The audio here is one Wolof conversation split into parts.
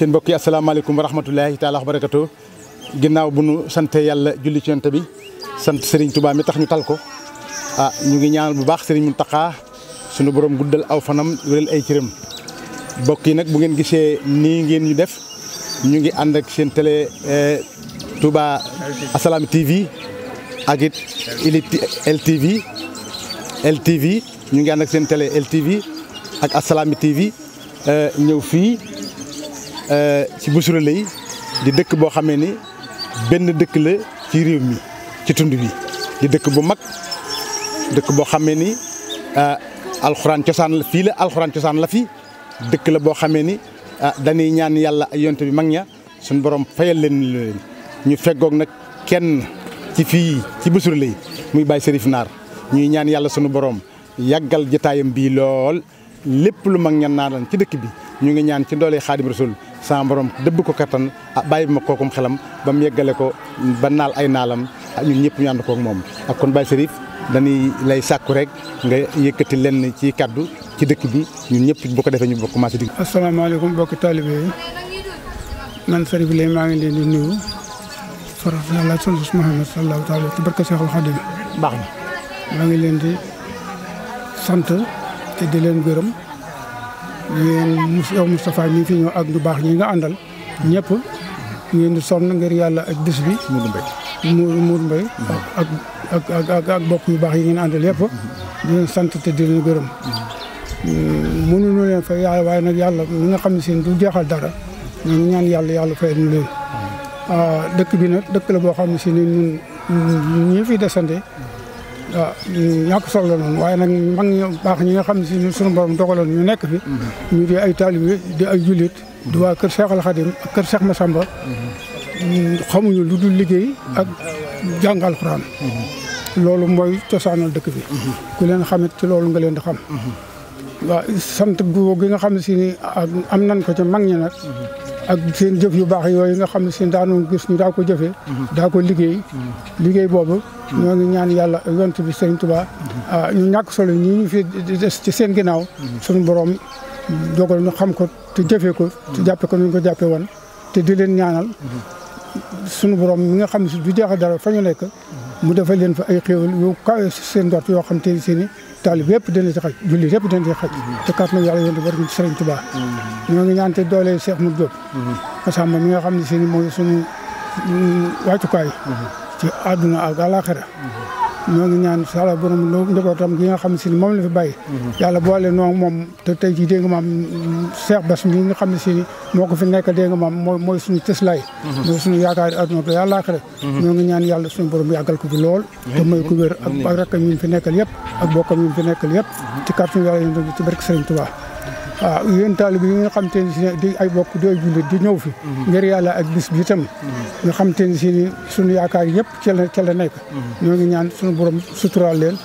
seen mbokk yi asalaamaaleykum wa rahmatulahi taala wa barakatu ginnaaw bu nu sante yàlla julli ci yonent bi sant Serigne Touba mi tax ñu tal ko ah ñu ngi ñaanal bu baax Serigne Mountakha sunu borom guddal aw fanam wéral ay cëram mbokk yi nag bu ngeen gisee nii ngeen ñu def ñu ngi ànd ak seen télé eh, Touba Assalaamy TV ak it LTV LTV ñu ngi ànd ak seen télé LTV ak Assalaamy TV eh, ñëw fii. Euh, ci Bichri lay di dëkk boo xamee ni benn dëkk la ci réew mi ci tund bi di dëkk bu mag dëkk boo xamee ni euh, alxuraan cosaan la fii la alxuraan cosaan la fi dëkk la boo xamee ni euh, dañuy ñaan yàlla ay yonte bi mag ña suñ borom fayal leen leen ñu feggoog nag kenn ci fii ci Bichri Leye muy Baye Serif Naar ñuy ñaan yàlla sunu borom yàggal jataayam bii lool lépp lu mag ñan naa lan ci dëkk bi ñu ngi ñaan ci doole Xaadim Rasul sama borom dëbb ko kattan ah bàyyi ma kookum xelam ba mu yeggale ko ba naal ay naalam ak ah, ñun ñëpp ñu ànd kook moom ak ah, kon Baye Serif dañuy lay sàkku rek nga yëkkati lenn ci kàddu ci dëkk bi ñun ñëpp bu ko defee ñu bokk commencé di. asalaamaaleykum mbokki taalibe yi man Serif Leye maa ngi leen di nuyu. farafala sunus Muhammad sallallahu taala ci barke Seexul Xadim baax na maa ngi leen di sant te di leen gërëm. yéen yow Moustapha mi fi ñëw ak lu baax ñi nga àndal ñëpp ngeen di sonn ngir yàlla ak dis bi. mu mu Mourou Mbaye ak ak ak ak ak bokk yu baax yi ngeen àndal yëpp. di leen sant te di gërëm. mënuñu leen waaye nag yàlla mi nga xam ne seen du jeexal dara ñun ñaan yàlla yàlla fay ñu leen. dëkk bi nag dëkk la boo xam ne si ñu ñun fi desante. waaw ñàkk solo la noonu waaye nag mag ñu baax ñi nga xam ne si suñu borom dogaloon ñu nekk fi ñu di ay taalibe di ay jullit di waa kër Cheikh Al Khadim ak kër Cheikh Massamba xamuñu lu dul liggéey ak jàng alxuraan loolu mooy cosaanal dëkk bi ku leen xamit ci loolu nga leen di xam sant gu gi nga xam ne si ni am nan ko ci mag ñi nag ak seen jëf yu baax yooyu nga xam ne si daanu gis ñu daa ko jëfee daa ko liggéey liggéey boobu ñoo ngi ñaan yàlla yonent bi Serigne Touba. Ah, ñu ñàkk solo ñii ñu fi des ci seen ginnaaw. suñu borom dogal ñu ko te jëfee ko. te jàppee ko nu ñu ko jàppee woon te di leen ñaanal. suñu borom mi nga xam ne du jeex dara fa ñu nekk. mu defal leen fa ay xéewal yu kawe seen dort yoo xam ne si ni taalib yëpp dana ci xaj julli yëpp dana ci xaj. te kàttan yàlla yonent bi barke Serigne Touba. ñoo ngi ñaan te doole Cheikh Moussa Diop. Massamba mi nga xam ne si ni mooy suñu wàccukaay. ci àdduna ak àllaaxira ñoo ngi ñaan si yàlla borom lu njabootam gi nga xam si moom la fi bàyyi. Mhm. yàlla boole noo moom te tey jii dégg nga maam Cheikh Bass mi nga xam ne si moo ko fi nekk dégg nga maam mooy mooy suñu cëslaay. Mhm. mooy suñu yaakaar adduna bi yàlla àllaaxira. Mhm. ñoo ngi ñaan yàlla suñu borom yàggal ko fi lool. te may ko wér ak ak rakk ñu fi nekkal yëpp. ak bokkam ñu fi nekkal yëpp. ci kàttan yàlla yi ci barke Sëriñ Tuubaa waaw yéen taalibe yi nga xam te ne si di ay bokk di ay jullit di ñëw fi mhm. ngir yàlla ak bis bi tam mhm. nga xam te ne si ni suñu yaakaar yëpp ca la ca la nekk mhm. ñoo ngi ñaan suñu borom suturaal leen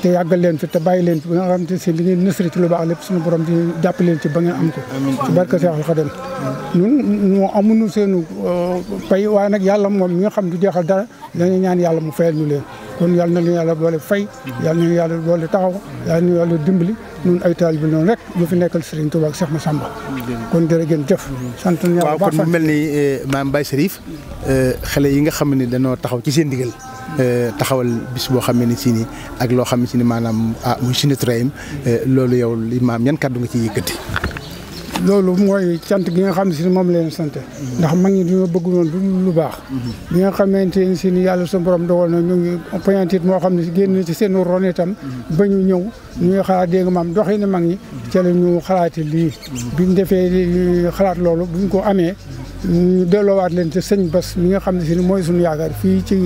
te yàggal leen fi te bàyyi leen fi ba nga xam te ne si li ngeen nësri ci lu baax lépp suñu borom di jàpp leen ci ba ngeen am ko ci barke Seexul Xadim ñun moo amuñu seenu euh, pay waaye nag yàlla moom mi nga xam du jeexal dara dañu ñaan yàlla mu fayal ñu leen kon yàlla na leen yàlla boole fay yàlla na yàlla boole taxaw yàlla na yàlla dimbali ñun ay taalibe noonu rek ñu fi nekkal Serigne Touba ak Cheikh Massamba kon jërëjëf jëf sant nañu yàlla bu kon mu mel ni eh, maam Baye Serif eh, xale yi nga xam ni danoo taxaw ci seen ndigal eh, taxawal bis boo xam ne si ni ak loo xam ne si ni maanaam ah muy si loolu yow li maam yan kàddu nga ciy yëkkati loolu mooy cant gi nga xam ne si moom leen sant ndax mag ñi dañoo bëgg noonu du lu baax bi nga xamante ne si ni yàlla su borom dogal na ñu ngi poyantit moo xam ne si génn ci seen ron itam ba ñëw ñu ngi xalaat dégg nga maam doxi mag ñi ca la ñu xalaati lii biñ defee xalaat loolu buñ ko amee ñu delloowaat leen ci sëñ Bas mi nga xam ne si ni mooy suñu yaakaar fii ci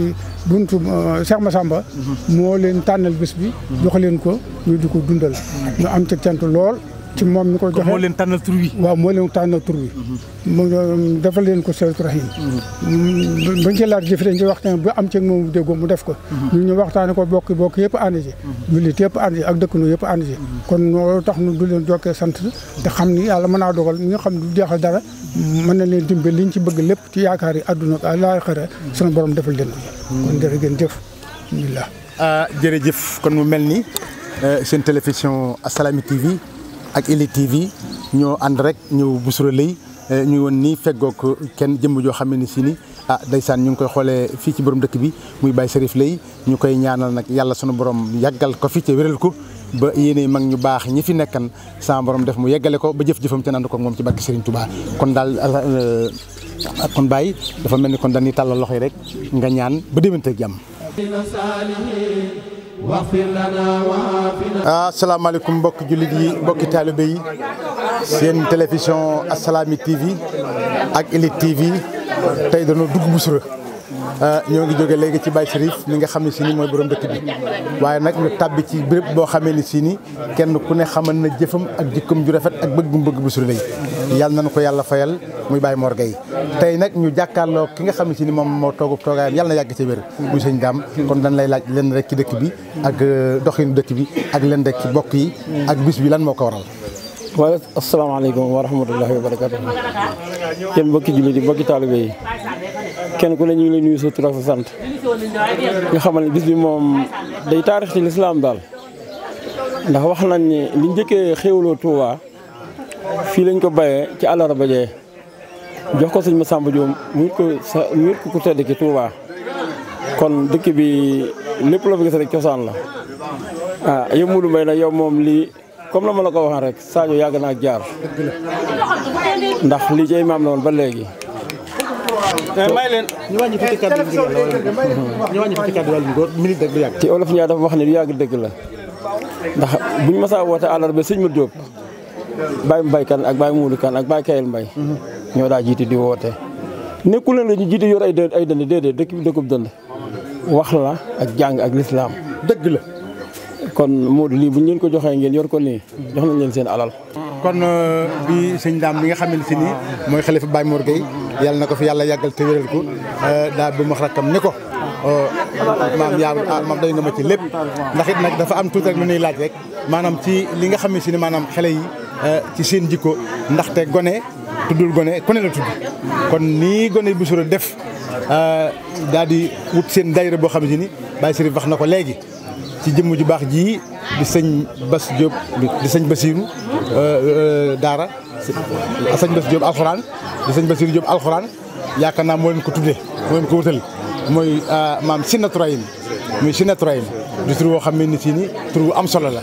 buntu euh, Cheikh Massamba moo leen tànnal bés bi jox leen ko ñu di ko dundal ñu am ci cant lool ci moom ko joxe moo leen tànnal tur wi. waaw moo leen tànnal tur wi. mu um, defal leen ko Seydi Rahim. Mm-hmm. Mm-hmm. buñ ci laaj jëf ñu waxtaan bu am ci moom mu def ko. Mm-hmm. ñu waxtaanee ko bokk bokk yëpp ànd ci. yëpp ànd ak dëkkandoo yëpp ànd ci. kon loolu tax ñu du leen jokkee sant te xam ni yàlla mën naa dogal ñi nga xam du jeexal dara mën na leen dimbali liñ ci bëgg lépp ci yaakaar yi àdduna ak àllaaxira sunu borom defal leen ko. kon jërëjëf alhamdulilah. ah jërëjëf kon mu mel ni eh, seen télévision Assalaamy TV ak Ili TV ñoo ànd rek ñëw Bichri Leye eh, ñu woon nii feggoog kenn jëmm joo xam ne si ni ah ndeysaan ñu ngi koy xoolee fii ci borom dëkk bi muy Baye Serif Leye ñu koy ñaanal nag yàlla sunu borom yàggal ko fii ci wéral ko ba yéene mag ñu baax ñi fi nekkan sama borom def mu yeggale ko ba jëf-jëfam ca naan ko moom ci barke Serigne tubaa kon daal eh, kon Baye dafa mel ni kon dañuy tàllal loxo yi rek nga ñaan ba déwénte jam asalaamaaleykum ah, mbokki jullit yi mbokki taalibe yi seen télévision Assalaamy TV ak Elite TV tey dañoo dugg Mboussoura ah, ñoo ngi jóge léegi ci Baye Chérif mi nga xam ne si ni mooy borom dëkk bi waaye nag ñu tàbbi ci béréb boo xamee ni si kenn ku ne xamal na jëfam ak jikkoom ju rafet ak bëgg bu bëgg Mboussoura yal nañu ko yàlla fayal muy baay Mor Gueye tey nag ñu jàkkaarloo ki nga xam si ni moom moo toogub toogaayam yàlla na yàgg ci wér muy sëñ Dame kon dañ lay laaj lenn rek ci dëkk bi ak euh, doxinu dëkk bi ak lenn rek ci bokk yi ak bis bi lan moo ko waral waaye asalaamaaleykum wa rahmatullahi wa barakatu yéen mbokki yi mbokki taalibe yi kenn ku ne ñu ngi lay nuyu sa tur sant nga xamal ne bis bi moom day taarix ci lislaam daal ndax wax nañ ne li njëkkee xéwloo Touba fii lañ ko bayee ci àllarba jee jox ko sëñ Massamba Diom mu ko sa mu ko ku tedd ki kon dëkk bi lépp loo fi gis rek cosaan la ah yow Modou Mbaye nag yow moom lii comme la ma la ko waxee rek Sadio yàgg na ak jaar maam la ba léegi. Eh, may leen ñu wàññi fukki kàddu yi olof Ndiaye wax ne du yàgg dëgg la ndax buñ masaa woote àllarba sëñ ma Diop. Baye Mbaye Kane ak Baye Moudou Kane ak Baye Kayel Mbaye ñoo daa jiite di woote nekkul ne ñu jiite yor ay dë ay dënd déedéet dëkk bi dëkkub dënd wax la ak jàng ak lislaam dëgg la kon Modou lii bu ñu leen ko joxee ngeen yor ko nii jox nañ leen seen alal kon euh, bi sëñ daam bi nga xamante si nii mooy xalifa Baye Mor Gueye yàlla na ko fi yàlla yàggal te wéral ko euh, daal bi mu wax ni ko euh, maam yaa ah, maam doy na ma ci lépp ndax it nag dafa am tuuti rek lu nuy laaj rek maanaam ci li nga xam si ne maanaam xale yi Euh, ci seen jikko ndaxte gone tuddul gone ku la tudd kon nii gone Bichri def euh, daal di wut seen daayira boo xam si ni Baye Chérif na ko léegi ci jëmm ju baax ji di sëñ Bas Diop di sëñ Basiru euh, daara sëñ Bas Diop alxuraan di sëñ Basiru jóob alxuraan yaakaar naa moo leen ko tuddee moo leen ko wutal mooy maam Sinatrayin muy Sinatrayin di tur woo xam ne ni fii nii tur am solo la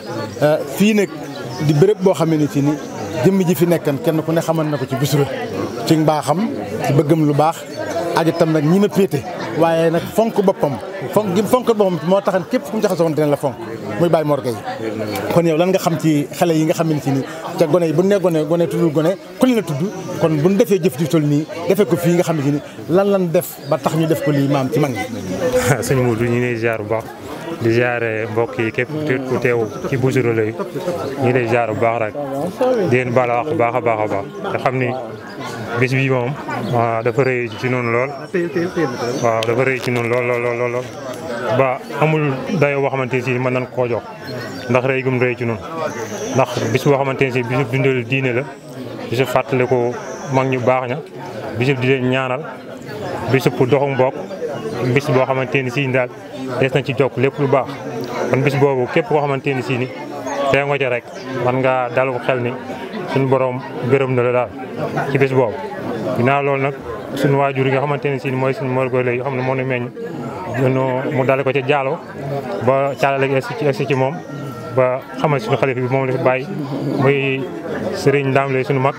fii nag di bërëb boo xamee ne ci ni jëmm ji fi nekkaan kenn ku ne xamal na ko ci Bichri ci mbaaxam ci bëggam lu baax ak tam nag ñi ma péete waaye nag fonk boppam fonk gi fonk boppam moo taxan képp ku mu jaxasoon dina la fonk muy Baye kon yow lan nga xam ci xale yi nga xam ni ca gone yi bu ne gone gone ku ne la tudd kon bu defee jëf ji tol nii defee ko fii nga xam ne ci ni lan lan def ba tax ñu def ko lii maam ci mag ñi sëñ Modou ñu ne ziar bu baax di ziare mbokk yi képp ku teew ki Boucher Relais ñu lay ziare bu baax rek di leen wax baax a baax a baax te xam ni bis bi moom ah, dafa rëy ci noonu lool. waaw dafa rëy ci noonu lool lool lool lool ba amul dayoo boo xamante ne si mën nañ koo jox ndax rëy gum rëy ci noonu ndax bis boo xamante ne si bisu dundal diine la bisu fàttali ko mag ñu baax ña bisu di leen ñaanal bisu doxum mbokk bis boo xamante ne si daal. des na ci jokk lépp lu baax kon bis boobu képp koo xamante ni si ni tee nga ca rek man nga dalu xel ni suñu borom gërëm na la daal ci bis boobu ginnaaw loolu nag suñu waajur yi nga xamante ne si ni mooy suñu morgo la yoo xam ne moo nu meññ mu dale ko ca jaalo ba caalale gi egsi ci moom ba xamal suñu xalifa bi moom la fi bàyyi muy sëriñ Ndam lay suñu mag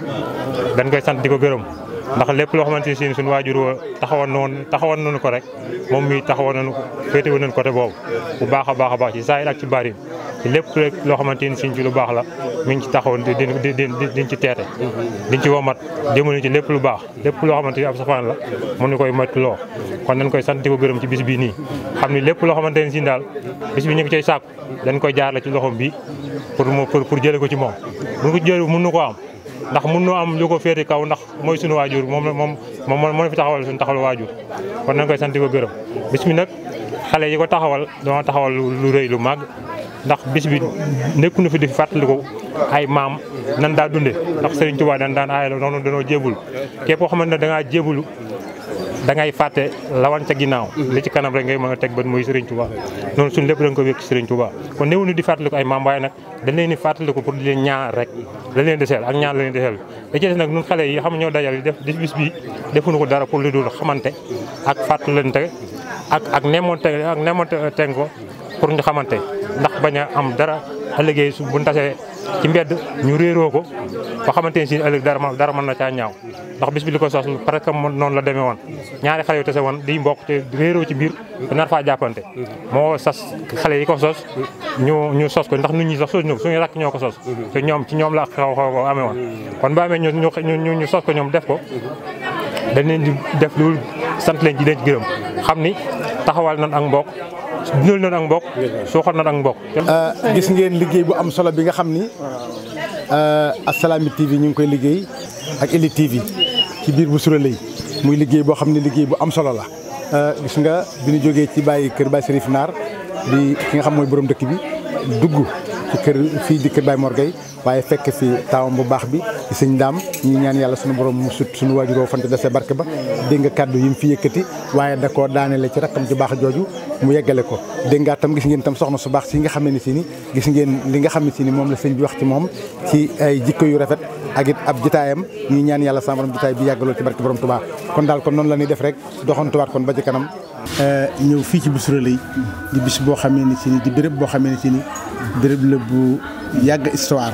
dañ sant di ko gërëm ndax lépp loo xamante si suñu waajur wa taxawoon noonu taxawoon nañu ko rek moom mi taxawoon nañu ko féetewu nañu côté boobu bu baax a baax a baax ci saa yi ak ci bari ci lépp rek loo xamante ni suñ ci lu baax la mi ngi ci taxawoon di di di diñ ci teete diñ ci womat jëmale ci lépp lu baax lépp loo xamante ni ab safaan la mun ni koy moytu loo kon dañ koy sant di gërëm ci bis bii nii xam ni lépp loo xamante ni si daal bis bi ñu ngi cay sàkku dañ koy jaar la ci loxom bi pour pour jële ko ci moom bu ko jële na ko am ndax mun noo am lu ko kaw ndax mooy suñu waajur moom moom moom moo fi taxawal suñu taxawal waajur kon nañ koy sant di ko gërëm bis bi nag xale yi ko taxawal dama taxawal lu rëy lu màgg ndax bis bi nu na fi di fàttali ko ay maam nan daa dunde ndax Serigne Touba dan daan aayal noonu danoo jébul képp koo xamante ne dangaa jébulu da ngay fàtte lawan ca ginnaaw mhm. li ci kanam rek ngay mën a teg bët muy Serigne Touba noonu suñ lépp da nga ko wékk Serigne Touba kon néewuñu di fàttaliku ay maam waaye nag dañ leen di fàttaliku pour di leen ñaan rek dañ leen deseel ak ñaan la leen deseel da ci des nag ñun xale yi xam ñoo dajal yi def di bis bi defuñu ko dara pour li dul xamante ak fàttalante ak ak nemoonte ak nemoonte ko pour ñu xamante ndax bañ a am dara ëllëgee su buñ tasee ci mbedd ñu réeroo ko ba xamante ne si ëllëg dara a dara mën na caa ñaaw ndax bis bi li ko sos parce que noonu la demee woon ñaari xale yu tase woon di mbokk réeroo ci biir nar faa jàppante moo sas xale yi ko sos ñu ñu sos ko ndax nit ñi sax sos ñu ko suñu ko sos te ñoom ci ñoom la xaw xaw amee woon kon ba amee ñu ñu ko ñoom def ko dañ def loolu sant leen ci xam ni taxawal nañ ak mbokk dundal na ak mbokk suuxat na ak mbokk euh, gis ngeen liggéey bu am solo bi nga xam ni euh, Assalaamy TV ñu ngi koy liggéey ak Eli TV ci biir bu Suraley muy liggéey boo xam ne liggéey bu am solo la euh, gis nga bi ñu jógee ci bàyyi kër Baye Serif Naar bi ki nga xam mooy borom dëkk bi dugg ci kër fii di kër Baye Mor Gueye waaye fekk fi taawam bu baax bi di sëñ daam ñi ñaan yàlla suñu borom mu sut suñu waajuroo fante defee barke ba dégg nga kàddu yi mu fi yëkkati waaye da koo daanele baax jooju mu yeggale ko dégg tam gis ngeen tam soxna su baax si nga xam ne si ni gis ngeen li nga xam ne si ni moom la sëñ bi wax ci moom ci ay jikko yu rafet ak it ab jitaayam ñi ñaan yàlla sama borom jitaay bi yàggaloo ci barke borom Tuubaa kon daal kon noonu la ñuy def rek doxantuwaat kon ba ci kanam Euh, ñëw fii ci bisu Relais di bis boo xamee ne si ni di béréb boo xamee ne ci ni béréb la bu yàgg histoire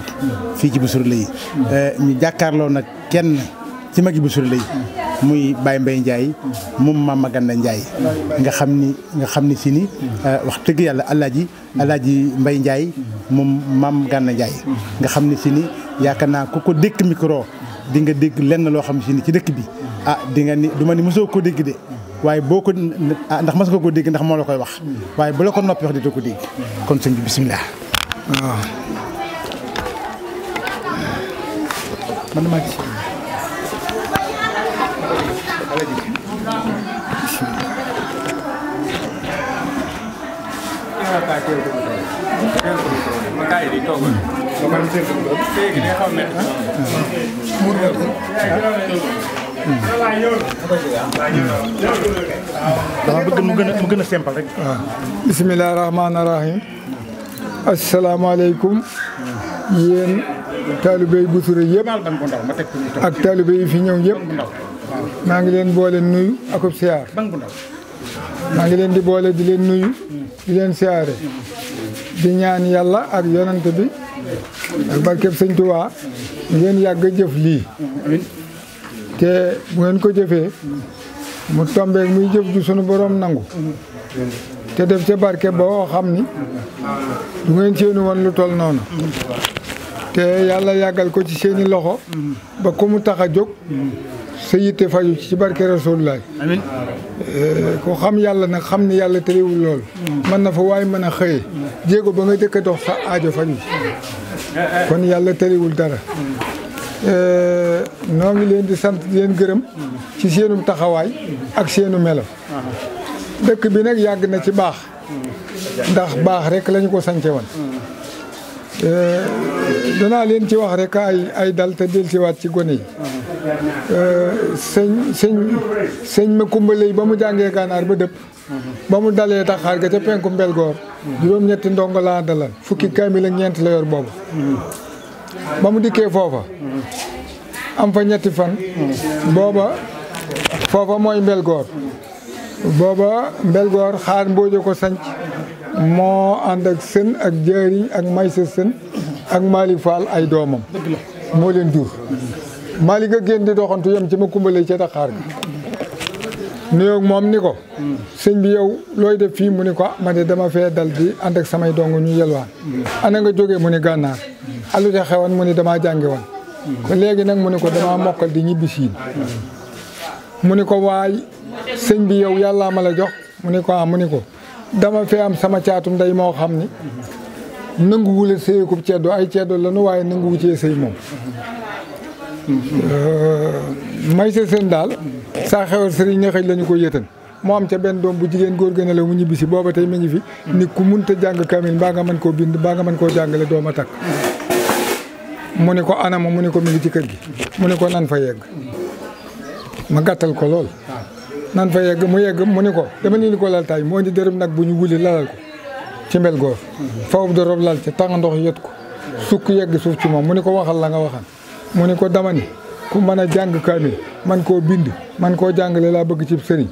fii ci bisu Relais euh, ñu jàkkaarloo nag kenn ci magi bisu Relais muy Baye Mbaye Ndiaye moom Mama Ganda Ndiaye nga xam ni nga xam ni si ni euh, wax dëgg yàlla alaaji alaaji Mbaye Ndiaye moom Mama Ganda Ndiaye nga xam ni si ni yaakaar naa ku ko dékk micro di nga dégg lenn loo xam si ni ci dëkk bi ah di ni du ni mosoo ko dégg de waaye boo ko ah, ndax mas nga ko dégg ndax moo la koy wax waaye bu la ko noppi di ko kon sëñ bi dama bëgg mu gën a mu gën a simple rek. waaw bisimilah rahmaani ak taalibe fi ñëw yëpp. maa ngi leen boole nuyu akub siyaar. maa ngi leen di boole di leen nuyu. di leen siyaare. di ñaan yàlla ak yonante bi. ak barkeb sëñ Tuubaa ngeen yàgg jëf lii. te bu ngeen ko jëfee mu tombeek muy jëf ju sunu borom nangu te def ca barke boo xam ni du ngeen seeni woon lu tol noonu te yàlla yàggal ko ci seeni loxo ba ko mu tax a jóg sa yitte faju ci barke rasulullah amiin eh, xam yàlla nag xam ni yàlla tëriwul loolu mën na fa waay mën a xëye jéego ba nga jëkk a dox sa aajo faju eh, eh. kon yàlla tëriwul dara Euh, noo ngi leen di sant di leen gërëm ci seenu taxawaay ak seenu melo dëkk bi nag yàgg na ci baax ndax baax rek lañu ko sance woon euh, danaa leen ci wax rekk ay ay dal te dellusiwaat ci gone yi euh, sëñ sëñ sëñ ma kumbaley ba mu jàngee gànnaar ba dëpp ba mu dalee taxaar ga ca penku mbelgoor juróom-ñetti ndongo laa dalal fukki kaamil ak ñeent la yor boobu ba mu dikkee foofa am fa ñetti fan booba foofa mooy mbelgoor booba mbelgoor xaar mboojo ko sanc moo ànd ak sën ak jëriñ ak maysa sën ak Malick Fall ay doomam moo leen jur Malick a génn di doxantu yem ci ma kumbale ca Dakar ga nuyoog moom ni ko sëñ bi yow looy def fii mu ni ko ah, ma de dama fee dal di ànd ak samay dong ñu yelwaan ana nga jógee mu ni gànnaar alu ah, ca mu ni damaa jànge woon léegi nag mu ni ko damaa mokkal di ñibbi siin mu ni ko waay sëñ bi yow yàllaa ma la jox mu ni ko ah mu ni ko dama fee am sama caatu nday moo xam ni nanguwula sëyakub ceddo ay ceddo lanu waaye nanguwu cee sëy moom Euh, Maysa Sène daal saa xewal sëriñ ñaxëj la ñu ko yëtan mu am ca benn doom bu jigéen góor gën mu ñibbisi booba tey mi ngi fi ni ku munta jàng kamil mbaa nga mën koo bind mbaa nga mën koo jàngale doom a takk mu ne ko anama mu ne ko mi ngi ci kër gi mu ne ko nan fa yegg ma gàttal ko lool nan fa yegg mu yegg mu ne ko dama ni li ko lal taay moo di dërëm nag bu ñu wuli lalal ko ci mbel goor fawub dorob lal ca tàng ndox yot ko sukk yegg suuf ci moom mu ne ko waxal la nga waxan mu ne ko dama ku mën a jàng kaamil man koo bind man koo jàngale laa bëgg ci sëriñ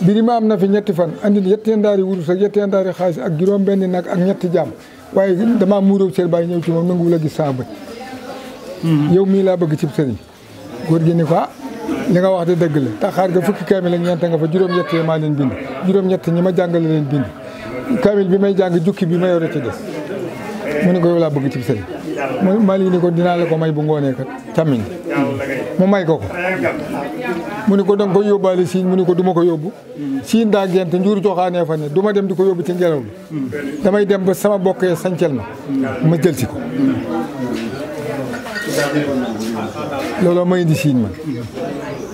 biri ma am na fi ñetti fan andi yettee ndaari wurus ak yettee xaalis ak juróom benn nag ak ñetti jaam waaye damaa muuróo seen bàyyi ñëw ci moom nanguwul a gis saa bët hmm. yow mii laa bëgg cib sëriñ góor gi ni ko ah, li nga wax de dëgg la taxaar ga fukki kaamil ak ñeent nga fa juróom-ñett yi maa leen bind juróom-ñett ñi ma jàngale leen bind kaamil bi may jàng jukki bi ma ci des mu ne ko laa bëgg ci sëriñ Mali ni ko dinaa la ko may bu ngoonee kat càmmiñ mu may ko ko mu ni ko danga koy yóbbaale siin mu ni ko duma ko yóbbu siin daa gent njuur cooxaanee fa ne du dem di ko yóbbu ci ngelaw li damay dem ba sama bokkee sañcel ma ma jël si ko looloo ma indi siin man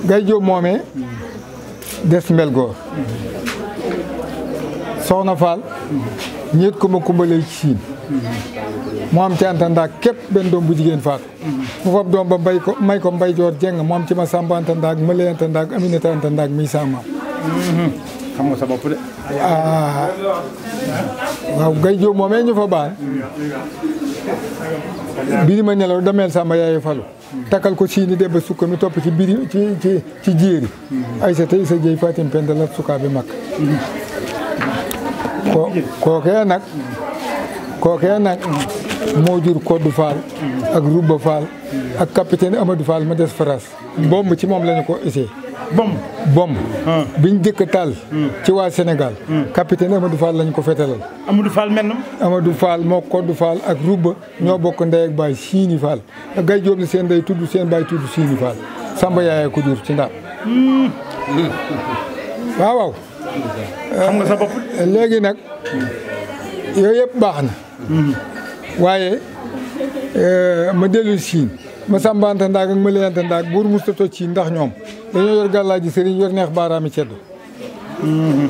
gay jóob moomee des mbel goor soxna Fall ñeet ko kumbalee siin mu am ci Anta Ndaak képp benn doom bu jigéen faatu mu fab doom ba bay ko may ko mbay joor jeng mu am ci ma Samba Anta Ndaak Mële Anta Ndaak Aminata Anta Ndaak mi sama mhm. xam nga sa bopp de ah waaw gay jóob moomee ñu fa baan biri ma nelaw dameel sama yaayu falu takkal ko siini debba sukka mi topp ci biri ci ci ci jéeri ay sa tey sa jëy fatim penda la mag kookee nag kookee nag moo jur Koddu Fall ak Rouba Fall ak capitaine Amadou Fall ma des bomb ci moom la ñu ko essayé bomb bomb ah. biñ jëkk tal hmm. ci waa senegal hmm. capitaine Amadou Fall lañ ko fetalal amadu Fall mennam Amadou Fall moo Koddu Fall ak Rouba ñoo bokk ndey ak baay Siini Fall gay jóob la seen ndey tudd seen baay tudd Siini Fall Samba yaayee ko ci ndaa hmm. waaw waaw eh, nag yooyu yëpp baax na waaye euh, ma dellu siin ma sàmbaante ndaag ak ma leyante ndaag buur mu soto ci ndax ñoom dañoo yor gàllaaji sëriñ yor neex baaraami ceddo mm-hmm.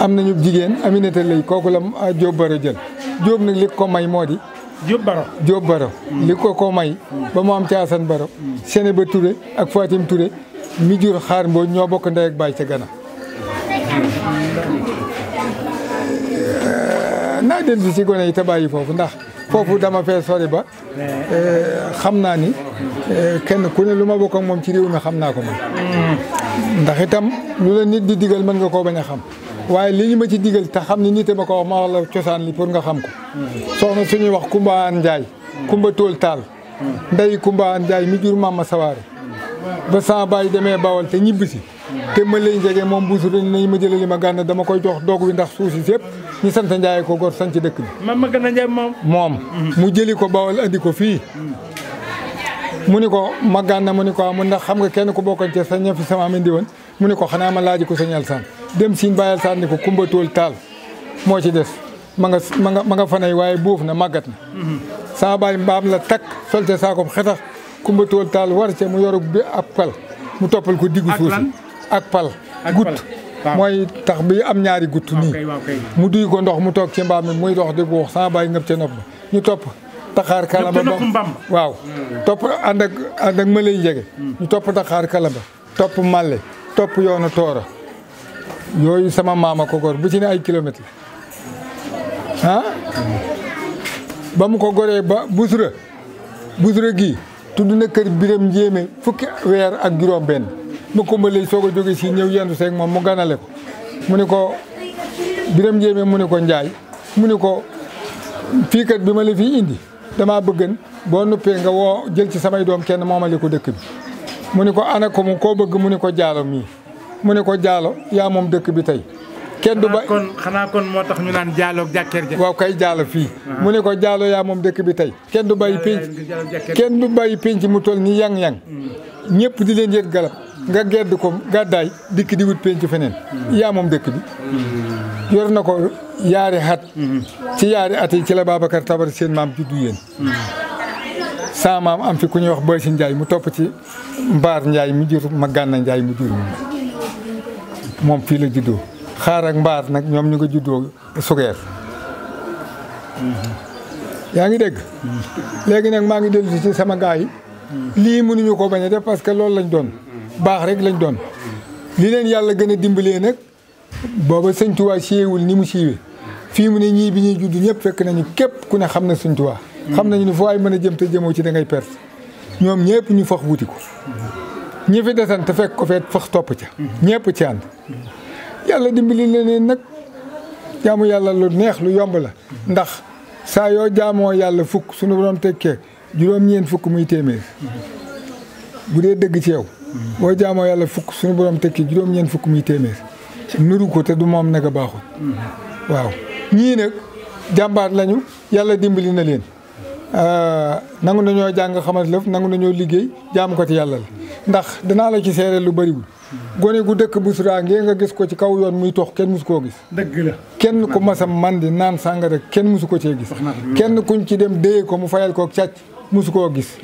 am nañu jigéen Aminata lay kooku la ah, Jóob Baro jël Jóob nag li ko may moo di Jóob Baro Jóob mm-hmm. li ko ko may ba mu am ci Asan Baro mm-hmm. Sene ba Touré ak Fatim Touré mi jur xaar mbooj ñoo bokk ndey ak baay ca Gana naa del bi gone yi te bàyyi foofu ndax foofu dama fee sori ba eh, xam naa ni eh, kenn ku ne lu ma bokk moom ci réew mi xam naa ko man mm. ndax itam lu la nit di digal mën nga koo ba a xam waaye li ñu ma ci digal te xam ni nit ma ko wax ma wax la cosaan li pour nga xam ko mm. soxna suñuy wax Kumba Njaay Kumba Tóol Taal mm. nday Kumba Njaay mi jur Mama Sawaare ba sama baay demee Bawol te ñibbisi te ma leen jege moom bu su nañ ma jëlee li ma gànn dama koy jox doog wi ndax suuf si yëpp ñu sant Njaay ko gor ci dëkk bi. ma ma a Njaay moom. moom mu jëli ko bawal andi ko fii. mu ni ko ma na mu ni ko mu ndax xam nga kenn ku bokkoon ci sa ña fi sama am mu ni ko xanaa ma laaji ko sëñ Alsaan dem siin bàyyi Alsaan ni ko kumba tool taal moo ci des ma nga ma nga ma nga fanay waaye buuf na màggat na sama baay mbaam la takk solte saako xetax kumba tool taal war ca mu yoru bi ab mu toppal ko diggu ak pal gutt mooy tax bi am ñaari gutt nii mu duy ko ndox mu toog ci mbaam mi muy dox di guux sans bàyyi ngëp ca nopp ñu topp taxaar kalamba ba waaw hmm. topp ànd ak ànd jege hmm. ñu topp taxaar kalamba topp màlle topp yoonu toora yooyu sama maama ko gor bu ay kilomètres ah hmm. ko goree ba busura busura gii tudd na kër biram njéeme fukki weer ak juróom benn ma kumba lay soog a jóge si ñëw yendu seeg moom mu ganale mu ni ko biram njéemé mu ni ko njaay mu ni ko fii kat bi ma la fii indi damaa bëggan boo nuppee nga woo jël ci samay doom kenn ma moomale ko dëkk bi mu ni ko ana ko mu ko bëgg mu ni ko jaalo mii mu ni ko jaalo yaa moom dëkk bi tey kenn du ba kon xanaa kon moo tax ñu naan jaalo jàkkeer ja waaw kay jaalo fii ah. mu ne ko jaalo yaa moom dëkk bi tey kenn du bàyyi pénc kenn du bàyyi pénc mu toll ni yang-yang mm. ñépp di leen yët galab nga gedd ko gàddaay dikk di wut penc feneen yaa moom dëkk bi yor na ko yaari xat ci yaari at yi ci la Babacar Tabari seen maam juddu yéen saa maam am fi ku ñuy wax Boy Njaay mu topp ci Mbaar Njaay mu jur ma Gànna Njaay mu jur moom fii la juddoo xaar mbaar nag ñoom ñu nga juddoo sugeer yaa ngi dégg léegi nag maa ngi dellu si sama gaay yi lii mënuñu ko bañ a def parce que loolu lañ doon baax rek lañ doon li leen yàlla gën a dimbalee nag booba sëñ Tuubaa siiwul ni mu siiwee fii mu ne ñii bi ñuy judd ñëpp fekk nañu képp ku ne xam na sëñ Tuubaa xam nañu ne foo ay mën a jëm te jëmoo ci da pers ñoom ñëpp ñu fax wuti ko ñi fi desan te fekk ko feet fax topp ca ñëpp ci ànd yàlla dimbali leen nag jaamu yàlla lu neex lu yomb la ndax saa yoo jaamoo yàlla fukk suñu borom tekkee juróom-ñeent fukk muy téeméer bu dee dëgg ci yow boo jaamoo yàlla fukk suñu borom tekki juróom-ñeent fukk muy téeméer nuru ko te du moom nag a baaxul waaw ñii nag jàmbaar lañu yàlla dimbali na leen nangu nañoo jàng xamal lëf nangu nañoo liggéey jaamu ko ci yàlla la ndax danaa la ci seere lu bariwul gone gu dëkk bu suraa ngee nga gis ko ci kaw yoon muy tox kenn musu koo gis dëgg kenn ku masam man di naan sàngara kenn musu ko cee gis kenn kuñ ci dem déye ko mu fayal ko càcc mosu koo gis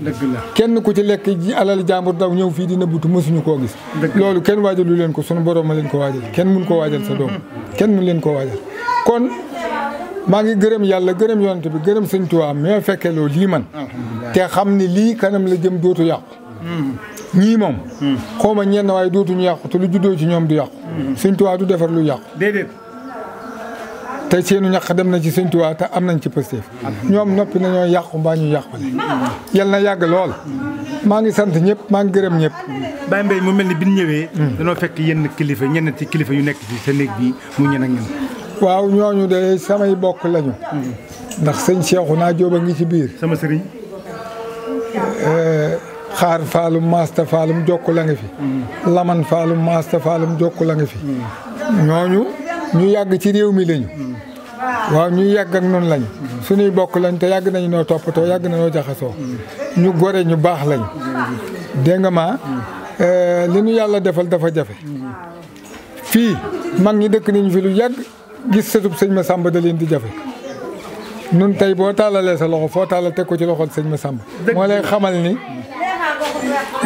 kenn ku ci lekk ji alal jàmbur daw ñëw fii di nëbbutu mosuñu koo gis loolu kenn waajalu leen ko sunu borom ma leen ko waajal kenn mun koo waajal sa doom kenn mun leen ko waajal kon maa ngi gërëm yàlla gërëm yonent bi gërëm sëñ Tuubaa mais fekkee loolu lii man te xam ne lii kanam la jëm dootu yàqu hmm. ñii moom hmm. xaw ma ñenn waaye dootuñu yàqu te lu juddoo ci ñoom du yàqu hmm. sëñ Tuubaa du defar lu yàqu déedéet tey seenu ñax dem na ci Sëñ te am nañ ci positif ñoom noppi nañoo yàqu mbaa ñu yàqu yal na yàgg lool maa ngi sant ñëpp maa ngi gërëm ñëpp Baye Mbaye mu mel ni bi ñu ñëwee dañoo fekk yenn kilifa ñenn ci kilifa yu nekk ci sa néeg bi mu ñen ak ñen waaw ñooñu de samay bokk lañu ndax sëñ Seexu naa Jóob a ngi ci biir sama sëriñ eh, xaar faalum maasta faalum jokk la nga fi mm. laman faalum maasta faalum jokk la nga fi mm. ñooñu ñu yàgg ci réew mi lañu waaw ñu yàgg ak noonu lañ suñuy bokk lañ te yàgg nañu noo toppatoo yàgg nañoo jaxasoo ñu gore ñu baax lañ dégg nga euh, li ñu yàlla defal dafa jafe fii mag ñi dëkk nañu fi lu yàgg gis sëtub sëñ ma sàmba da leen di jafe nun tey boo tàllalee sa loxo foo taalal teg ko ci loxol sëñ ma sàmba moo lay xamal ni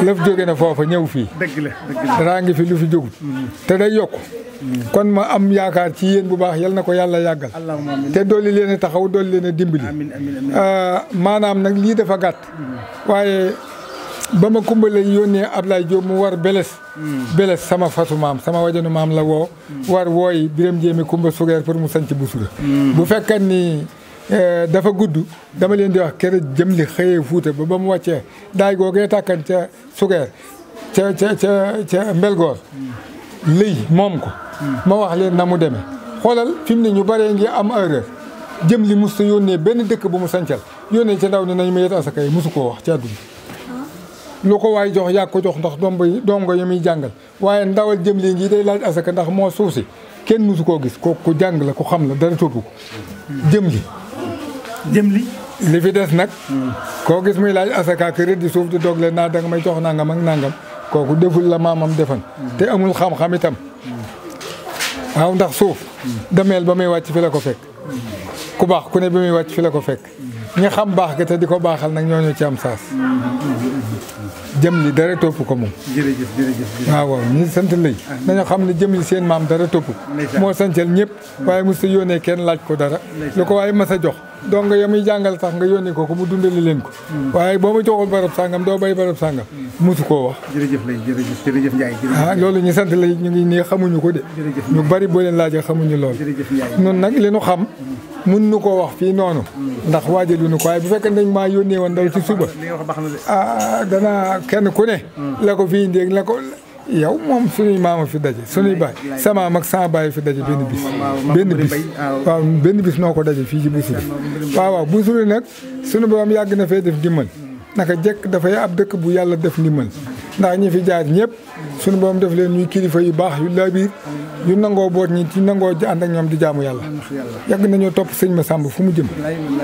lëf jóge na foofa ñëw fii dëgg la dara ngi fi lu fi jógut mm-hmm. te day yokk kon ma am yaakaar ci yéen bu baax yal na ko yàlla yàggal te dolli leen a taxaw dolli leen a ah, maanaam nag lii dafa gàtt waaye ba ma kumbalee yónnee Ablaye Diop mu war beles hmm. beles sama fasu maam sama wajanu maam la woo hmm. war wooy biram jéemi kumba sugeer pour mu sanc bu suga hmm. bu fekkan ni eh, dafa gudd dama leen di wax kere jëm li xëyee fuuta ba ba mu wàccee daay googee tàkkan ca sugeer ca ca ca ca mbelgoor lëy moom ko ma wax leen na mu demee xoolal fi mu ne ñu baree ngi am erreur jëm li mos ta yónnee benn dëkk bu mu sancal yónnee ca ndaw ni nañ ma yet asaka yi mosu koo wax ci àdduna lu ko waay jox yaa ko jox ndax ba dongo yi muy jàngal waaye ndawal jëm lii ngi day laaj asaka ndax moo suuf si kenn mosu koo gis ko ku jàng la ku xam la dara toppu ko jëm li jëm li li fi des nag hmm. koo gis muy laaj asaka kërët di suuf di dogle naa danga may jox nangam ak nangam kooku deful la maamam defan te amul xam-xam itam waaw ndax suuf dameel ba muy wàcc fi la ko fekk ku baax ku ne ba muy wàcc ci la ko fekk ñi xam baax ga te di ko baaxal nag ñooñu ci am saas jëm li dara topp ko moom. jërëjëf jërëjëf. waaw waaw ñi sant lay nañu xam ne jëm seen maam dara topp moo sancal ñëpp waaye mos a yónnee kenn laaj ko dara. lu ko waaye mas a jox. donc nga yamuy jàngal sax nga yónnee ko ko mu dundale leen ko. Hmm. waaye boo ma joxul barab sàngam doo bay barab sàngam. Hmm. mosu koo wax. jërëjëf lay jërëjëf ah, loolu ñu sant lay ñu ngi nii xamuñu ko de. ñu bari boo leen a xamuñu loolu. noonu nag li nu xam. Hmm. mun nu koo wax fii noonu. ndax waajaluñu ko waaye bu fekkee dañ maa yónnee woon ndaw ci suba. dana kenn ku ne. Mm. la fi indee la ko. yow moom suñuy maam fi daje suñuy ba sama mag sama baay fi daje benn bis benn bis noo ko daje fii ci Busiri waaw waaw Busiri nag suñu borom yàgg na fee def ndimbal mm. naka jekk dafay ab dëkk bu yàlla def ndimbal ndax ñi fi jaar ñëpp suñu borom def leen ñuy kilifa yu baax yu laabiir yu nangoo boot ñi ci nangoo ànd ak ñoom di jaamu yàlla yàgg nañoo topp sëñ ma sàmb fu mu jëm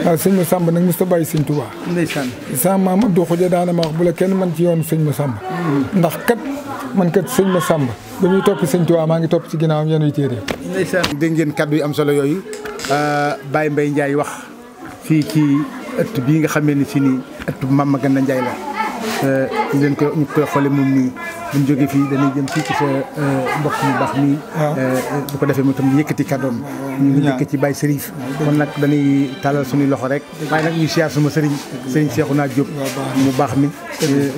waaw sëñ ma sàmb nag mos ta bàyyi sëñ Tuubaa sa maam Abdou Xuja daana ma wax bu la kenn man ci yoonu sëñ ma sàmb mm-hmm. ndax kat man kat sëñ ma sàmb ba muy topp sëñ Tuubaa maa ngi topp ci ginnaawam yéen ay téere dégg ngeen kaddu yu am solo yooyu euh, Baye Mbaye Ndiaye wax fii ci ëtt bii nga xamee ni si nii ëtt Mame Magana Ndiaye la Euh, ñu leen ko moom nii bu ñu fii dañuy jëm fii ci sa euh, mbokk mu baax nii. Ah. Euh, bu ko defee moom itam yëkkati kàddoom. ñu ngi ah. njëkk ci Baye Serif. kon nag dañuy tàllal suñuy loxo rek. waaye nag ñu siyaar suma Serigne. Serigne Cheikhouna Diop. mu baax mi.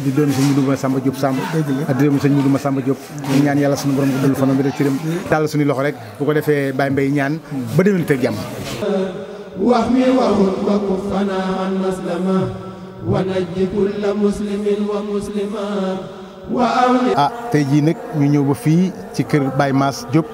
di doon sëñ Mudu Masamba Diop Samb. di doon sëñ Mudu Masamba Diop. ñu ñaan yàlla suñu borom guddal bi rek ci dem. tàllal rek bu ko defee Baye bay ñaan ba déwén te jàmm. wax mi waxul bopp fanaan maslama ونجي كل مسلم ومسلمة ah tey jii nag ñu ñëw ba fii ci kër Baye Mass Diop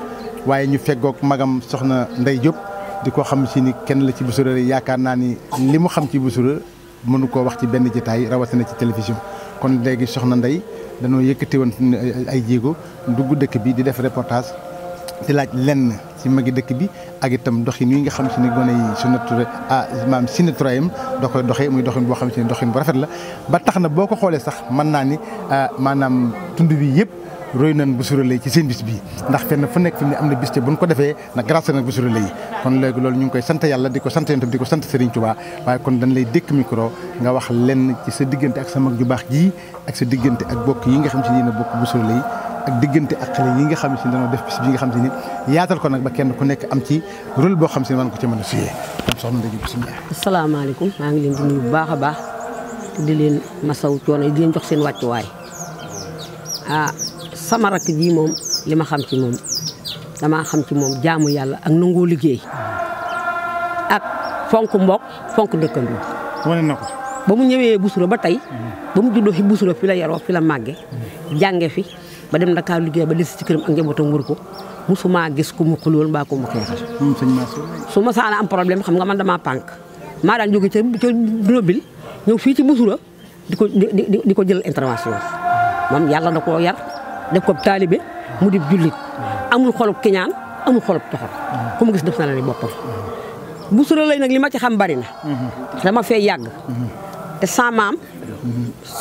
waaye ñu feggoog magam soxna Ndey Diop di ko xam si ni kenn la ci Bichri yaakaar naa ni li mu xam ci Bichri mënu koo wax ci benn jotaay rawatina ci télévision kon léegi soxna Ndey dañoo yëkkati woon ay jéego dugg dëkk bi di def reportage di laaj lenn ci magi dëkk bi ak itam doxin yi nga xam si ne gone yi Soxna Touré ah maam Sina Touré am da koy doxee muy doxin boo xam si ne doxin bu rafet la ba tax na boo ko xoolee sax man naa ni ah, maanaam tund bi yëpp roy nañ Bichri Laye ci seen bis bii ndax fenn fu nekk fi ne am na bis bu nu ko defee nag grâce nag Bichri Laye kon léegi loolu ñu ngi koy sant yàlla di ko sant yonent di ko sant Serigne Touba waaye kon dañ lay dékk micro nga wax lenn ci sa diggante ak sa mag ju ak sa diggante ak bokk yi nga xam si ne bokk Bichri Laye ak diggante ak xale yi nga xam si ne dañoo def bis bi nga xam si ne yaatal ko nag ba kenn ku nekk am ci rôle boo xam si ne man ko ci mën a suyee kon soxna Ndeye Diop bisimilah. maa ngi leen di nuyu bu baax a baax leen masaw coono di leen jox seen wàccuwaay ah sama rakk ji moom li ma xam ci moom damaa xam ci moom jaamu yàlla ak nangoo liggéey ak fonk mbokk fonk dëkkandoo. wane ba mu ñëwee Boussoura ba tey ba mu juddoo fi Boussoura fi la yaroo fi la màgge jànge fi ba dem Dakar liggéey ba des ci a ak njabootam wër ko musuma gis ku mu xulool mbaa ku mu xeexal hmm, su ma saana am problème xam nga man damaa pànk maa daan jóge ca ca Nobil ñëw fii ci Mboussoura di ko di di ko jël intervention moom yàlla da koo yar def ko taalibe mu di jullit amul xolub kiñaan amul xolub toxor ku mu gis def na la ni boppam Mboussoura lay nag li ma ci xam bari na dama fee yàgg hmm. te sama maam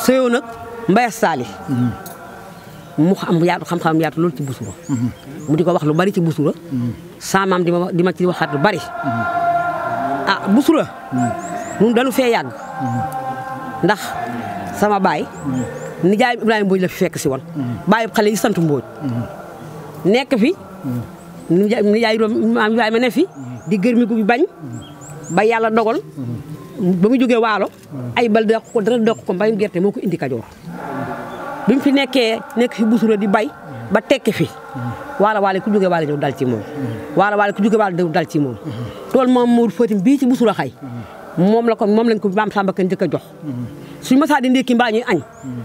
sëyoon ak mu xam yaatu xam-xam yaatu loolu ci busura mu di ko wax lu bari ci busura saamaam di ma di ma ci waxaat lu bari ah busura nun dañu fee yàgg ndax sama baay nijaay Ibrahima Mbooj la fekk si woon baay xale yi sant Mbooj nekk fi nijaay maam Ibrahima ne fi di gërmi gu bañ ba yàlla dogal ba mu jógee waalo ay bal da ko dara doq ko mbayum gerte moo ko indi Kajoor bi mu fi nekkee nekk fi busura di bay ba tekk fi waala waale ku jóge waalo ñëw dal ci moom waala waale ku jóge waale ñëw dal ci moom tool moom muur fëtim bii ci busura xay moom la ko moom lañ ko maam Samba Kane njëkk a jox suñu masaa di ndékki mbaa ñuy añ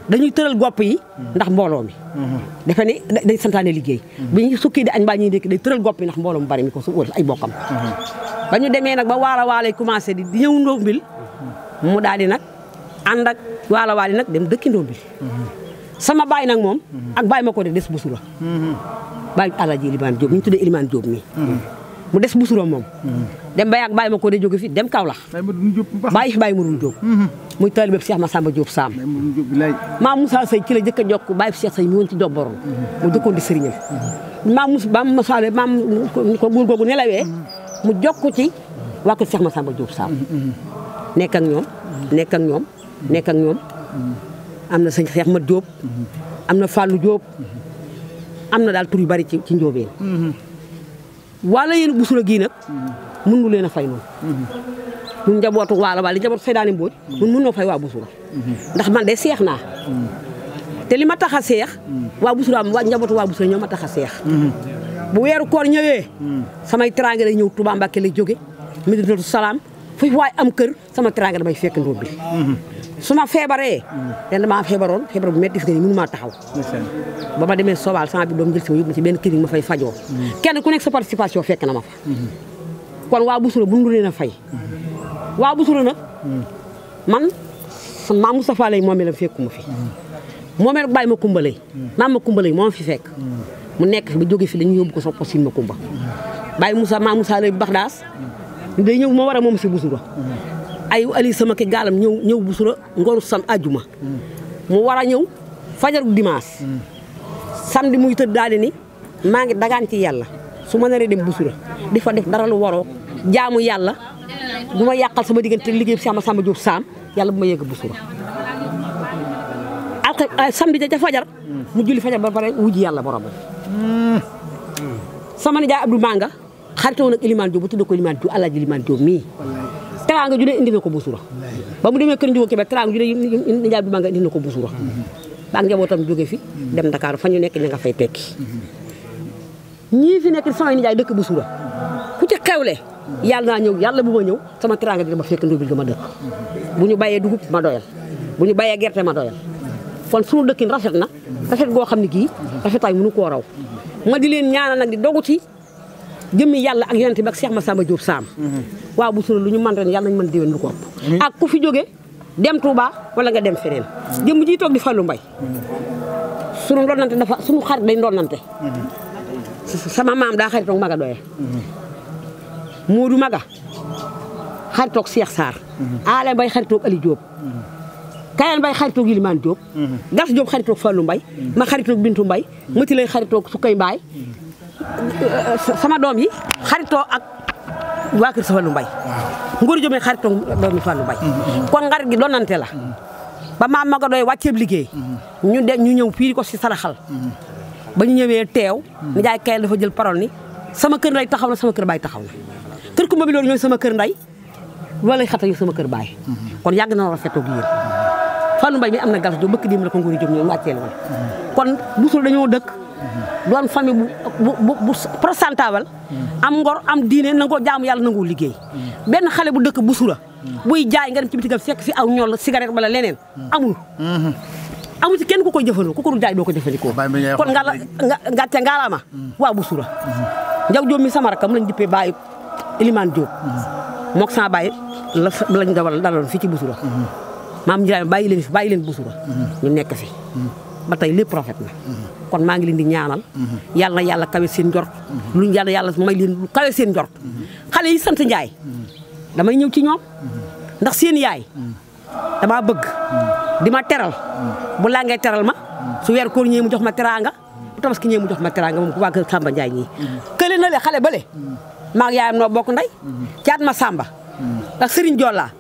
dañuy tëral gopp yi ndax mbooloo mi defe ni day santaane liggéey bi ñu sukki di añ mbaa ñuy ndékki day tëral gopp yi ndax bari ko su wër ay bokkam ba ñu demee nag ba waala waale commencé di ñëw ndóombil mu daal di nag ànd ak waala waale nag dem dëkki ndóombil sama baay nag moom. ak baay ma ko de des busura. baay Alaaji ji Diop mi ñu tuddee Elimane mi mu des busura moom. dem ba yàgg baay ma ko de jóge fi dem Kaolack. baay baay Mouroune mu muy taalibe Cheikh Massamba Diop Sam. maam Moussa Seye ci la jëkk a jokk baay Cheikh Seye mi woon ci Dobboron. mu dëkkoon di sëriñam. maam Moussa maam Moussa maam ko góor googu nelawee. mu jog jokk ci waa kër Cheikh Massamba Diop Sam. nekk ak ñoom nekk ak ñoom nekk ak ñoom. am na sëñ Cheikh Mat jóob am na Fallou Diop am na daal tur yu bari ci ci njóobeen waala yéen busula gii nag mun nu leen a fay noonu mun njabootu waala waala li njabootu Seydani Mbodj mun mun noo fay waa busula ndax man de seex naa te li ma tax a seex waa busula waa njabootu waa busula ñoo ma tax a seex bu weeru koor ñëwee sama teraanga day ñëw Touba Mbacké lay jóge Medinatu Salaam fu waay am kër sama teraanga bay fekk ndóob bi su ma feebaree. ren damaa feebaroon feebar bu métti fi nii mënu maa taxaw. ba ma demee Sobaal sama bi doom jël si ma yóbbu ma si benn clinique ma fay fajoo. Mm. kenn ku nekk sa participation fekk na ma fa. Mm-hmm. kon waa Boussoro bu nu leen a fay. Mm-hmm. waa Boussoro nag. Mm. man maa Moustapha lay moomeelam fekkuma fi. Mm. moomeel bàyyi ma kumbalay. maam ma moo fi fekk. mu nekk fi ba jóge fi dañu yóbbu ko sa posin ma kumba. bàyyi Moussa maa Moussa lay bu Baxdaas. day ñëw ma war a moom si Boussoro. ay ali sama ki gaalam ñëw ñëw bu sura ngoru sam ajuma mu war a ñëw fajaru dimanche samedi muy tëdd daal di ni maa ngi dagaan ci yàlla su ma naree dem bu sura di fa def dara lu waroo jaamu yàlla bu ma yàqal sama diggante liggéey bi sama sama Jóob saam yàlla bu ma yegg bu sura alxem samedi ja ca fajar mu julli fajar ba pare wujji yàlla borom sama nijaay Abdou Manga xaritoon ak Ilimaan bu tudd ko Ilimaan Jóob Alaaji Ilimaan Jóob mii teraanga ju ne indi na ko bu suura ba mu demee kër Ndiouga Kébé teraanga ju ne njaay bi maa nga indi na ko bu suura mm-hmm. ba ak njabootam jóge fi mm-hmm. dem Dakar fa ñu nekk ña nga fay tekki mm-hmm. ñii fi nekk sama nijaay dëkk bu suura ku ci xewle yàlla naa ñëw yàlla bu ma ñëw sama teraanga dina ma fekk ndobil ga ma dëkk bu ñu bayee dugub ma doyal bu ñu bayee gerte ma doyal kon suñu dëkkin rafet na rafet goo xam ne gii rafetaay mënu koo raw ma di leen ñaanal nag di dogu ci jëmmi yàlla ak yonent bi ak Cheikh Massamba Diop Sam waaw bu sura lu ñu mën ren yàlla ñu mën déwén lu ko ak ku fi jóge dem Touba wala nga dem feneen jëmm ji toog di Fallou mbay sunu ndonnante dafa sunu xarit day ndonnante sama maam daa xaritoog maga doye Moodu maga xaritoog Cheikh Sarr Alain Mbaye xaritoog Ali Diop Kayan Mbaye xaritoog Yilimaan Diop Gas Diop xaritoog Fallou mbay ma xaritoog Bintu mbay Mati lay xaritoog Sukay Mbaye sama doom yi xaritoo ak waa kër Fallou Mbaye Ngor Diome xaritoo doomi Fallou Mbaye mm-hmm, mm-hmm. kon ngar gi donante la mm-hmm. ba maam ma ko doy wàcceeb liggéey ñu de ñu ñëw fii di ko si saraxal ba ñu ñëwee teew ni jaay kayal dafa jël parole ni sama kër nday taxaw na sama kër baay taxaw na kër ku mbabi loolu ñooy sama kër nday loolay xata ñu sama kër baay kon yàgg na rafetoo gi yéen Fallou Mbaye mi am na gal jo bëkk dim la ko Ngor Diome ñoom wàcceel woon kon busul dañoo doon famille bu bu bu bu présentable hmm. am ngor am diine nangoo jaamu yàlla nangoo liggéey. Hmm. benn xale bu dëkk bu sura hmm. buy jaay nga dem ci bitigam fekk fi aw ñool cigarette wala leneen amul. amul ci kenn ku koy jëfandikoo ku ko dul jaay doo ko jëfandikoo. kon nga la nga gàcce ngaalaama. waa bu sura Njaw Jóob mi sama rakam lañ dippee bàyyi Elimane Jóob. mook sama bàyyi la lañ dawal daloon fii ci bu sura maam Ndiaye bàyyi leen fi bàyyi leen bu sura ñu nekk fi. ba tey lépp rafet na. kon maa ngi leen di ñaanal yàlla na yàlla kawe seen njort luñ yàlla yàlla may leen lu kawe seen njort xale yi sant Njaay damay ñëw ci ñoom ndax seen yaay damaa bëgg di ma teral bu laa ngay teral ma su weer koor ñëwee mu jox ma teraanga bu tabaski ñëwee mu jox ma teraanga moom ku waa kër Samba Njaay ñii kële na le xale bale maa yaayam noo bokk ndey caat ma Samba ak Serigne Jolla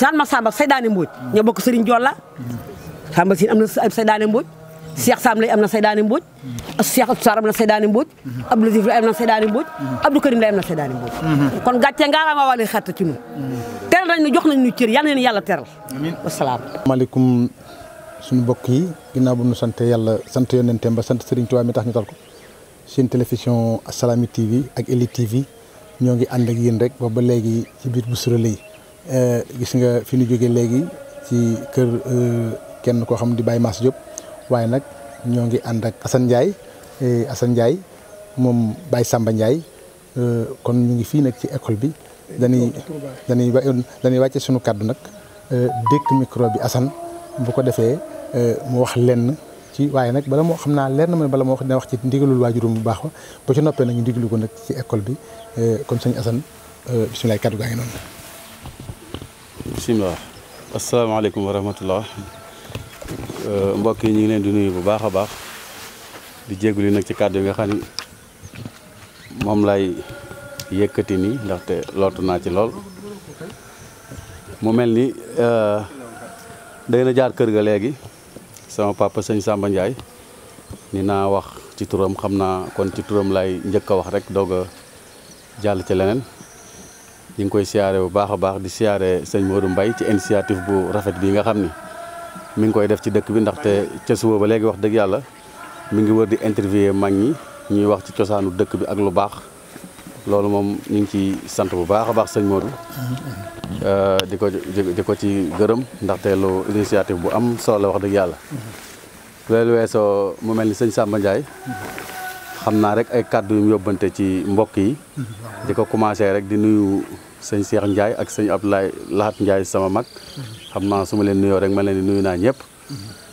caat ma Samba Seydaane Mbodj ñoo bokk Serigne Jolla Samba Sine am na Seydaane Mbodj Cheikh Sam lay am na saydaani mbooj Cheikh Abdou Sarr am na saydaani mbooj Abdou Latif lay am na saydaani mbooj Abdou Karim lay am na saydaani mbooj kon gàcce ngaaraama wàllu xarit ci ñun teral nañ ñu jox nañ ñu cër yal na yàlla teral wasalaam maaleykum suñu mbokk yi ginnaaw bu ñu sant yàlla sant yonenteem ba sant Serigne Touba mi tax ñu tal ko seen télévision Assalaamy TV ak Eli TV ñoo ngi ànd ak yéen rek ba ba léegi ci biir bu surale yi eh, gis nga fi ñu jógee léegi ci kër euh, kenn koo xam di Baye Mass Diop waaye nag ñoo ngi ànd ak Assane Ndiaye eh, Assane Ndiaye moom Baye Samba Ndiaye eh, kon ñu ngi fii nag ci école bi dañuy dañuy dañuy wàcce suñu kàddu nag eh, dëkk micro bi Assane bu ko defee mu wax lenn ci waaye nag bala moo xam naa leer na ma bala moo wax dina wax ci ndigalul waajurum bu baax ba ba ci noppee nag ñu diglu ko nag ci école bi kon sëñ Assane bisimilah kàddu gaa ngi noonu. bisimilah Euh, mbokk yi ñu ngi leen di nuyu bu baax a baax di jégalu nag ci kàddu yi nga xam ni moom lay yëkkati nii ndaxte lootu naa ci lool mu mel ni euh, day na jaar kër ga léegi sama papa sëñ Samba njaay ni naa wax ci turam xam naa kon ci turam lay njëkk a wax rek doog a jàll ci leneen ñu ngi koy siyaare bu baax a baax di siyaare sëñ Modou mbay ci initiative bu rafet bii nga xam ni mi ngi koy def ci dëkk bi ndaxte ca suba ba léegi wax dëgg yàlla mi ngi wër di interviewer mag ñi ñuy wax ci cosaanu dëkk bi ak lu baax loolu moom ñu ngi ciy sant bu baax a baax sëñ Modou. Euh, di ko ko ci gërëm ndaxte lu initiative bu am solo wax dëgg yàlla. loolu weesoo mu mel ni sëñ Samba Ndiaye xam naa rek ay kàddu yu mu yóbbante ci mbokk yi di ko commencé rek di nuyu sëñ Cheikh Ndiaye ak sëñ Abdoulaye Lahat njaay sama mag xam naa su ma leen nuyoo rek ma leen di nuyu naa ñëpp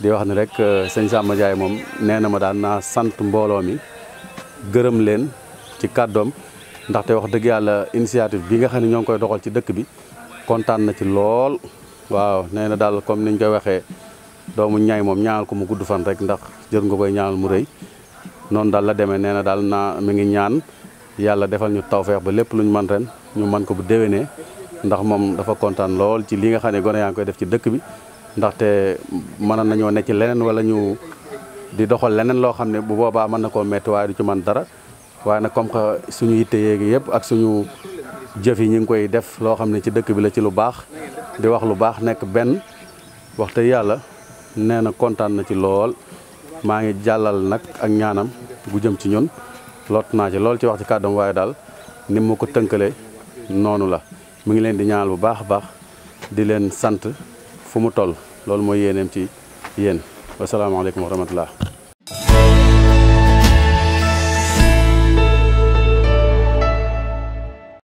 di wax ne rek euh, sëñ Samba Ndiaye moom nee na ma daan naa sant mbooloo mi gërëm leen ci kàddoom ndaxte wax dëgg yàlla initiative bii nga xam ne ñoo ngi koy doxal ci dëkk bi kontaan na ci lool waaw nee na daal comme niñ koy waxee doomu ñay moom ñaanal ko mu gudd fan rek ndax jër nga koy ñaanal mu rëy noonu daal la demee nee na daal naa mi ngi ñaan yàlla defal ñu taw tawfeex ba lépp lu ñu man ren ñu man ko bu déwénee ndax moom dafa kontaan lool ci li nga xam ne gone yaa ngi koy def ci dëkk bi ndaxte mënoon nañoo ne ci leneen wala ñu di doxal leneen loo xam ne bu boobaa mën na koo metti waaye du ci mën dara waaye nag comme que suñu yitte yéeg yëpp ak suñu jëf yi ñu ngi koy def loo xam ne ci dëkk bi la ci lu baax di wax lu baax nekk benn waxte yàlla nee na kontaan na ci lool maa ngi jàllal nag ak ñaanam gu jëm ci ñun loot naa ci lool ci wax ci kàddam waaye daal ni mu ko tënkalee noonu la mu ngi leen di ñaanal bu baax a baax di leen sant fu mu toll loolu mooy yéeneem ci yéen wasalaamaaleykum wa rahmatullah